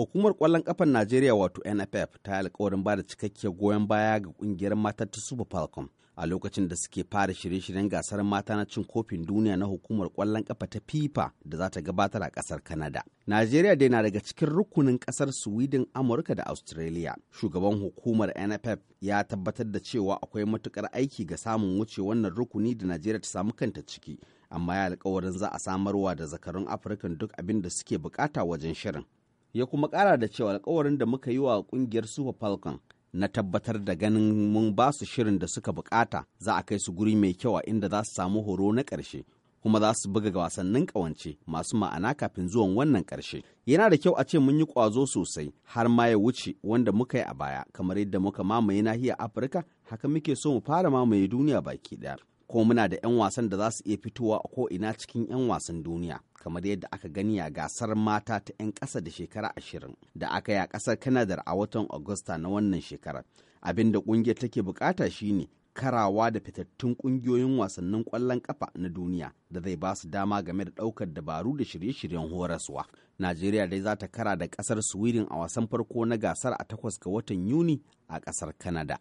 Hukumar kwallon ƙafar Najeriya wato NFF ta yi alkawarin ba da cikakkiyar goyon baya ga ƙungiyar mata ta Super Falcon a lokacin da suke fara shirye-shiryen gasar mata na cin kofin duniya na hukumar kwallon kafa ta FIFA da za ta gabatar a ƙasar Kanada. Najeriya dai na daga cikin rukunin ƙasar Sweden, Amurka da Australia. Shugaban hukumar NFF ya tabbatar da cewa akwai matukar aiki ga samun wuce wannan rukuni da Najeriya ta samu kanta ciki, amma ya alkawarin za a samarwa da zakarun Afirka duk abin da suke bukata wajen shirin. ya kuma ƙara da cewa alkawarin da muka yi wa ƙungiyar Super Falcon na tabbatar da ganin mun ba su shirin da suka bukata za a kai su guri mai kyau a inda za su samu horo na ƙarshe kuma za su buga wasannin ƙawance masu ma'ana kafin zuwan wannan ƙarshe yana da kyau a ce mun yi ƙwazo sosai har ma ya wuce wanda muka yi a baya kamar yadda muka mamaye nahiyar afirka haka muke so mu fara mamaye duniya baki ɗaya ko muna da 'yan wasan da za su iya fitowa a ko'ina cikin 'yan wasan duniya kamar yadda aka gani a gasar mata ta 'yan ƙasa da shekara ashirin da aka yi a ƙasar kanada a watan agusta na wannan shekarar abin da ƙungiyar take bukata shine karawa da fitattun ƙungiyoyin wasannin ƙwallon ƙafa na duniya da zai ba su dama game da ɗaukar dabaru da shirye-shiryen horaswa najeriya dai za ta kara da ƙasar sweden a wasan farko na gasar a takwas ga watan yuni a ƙasar kanada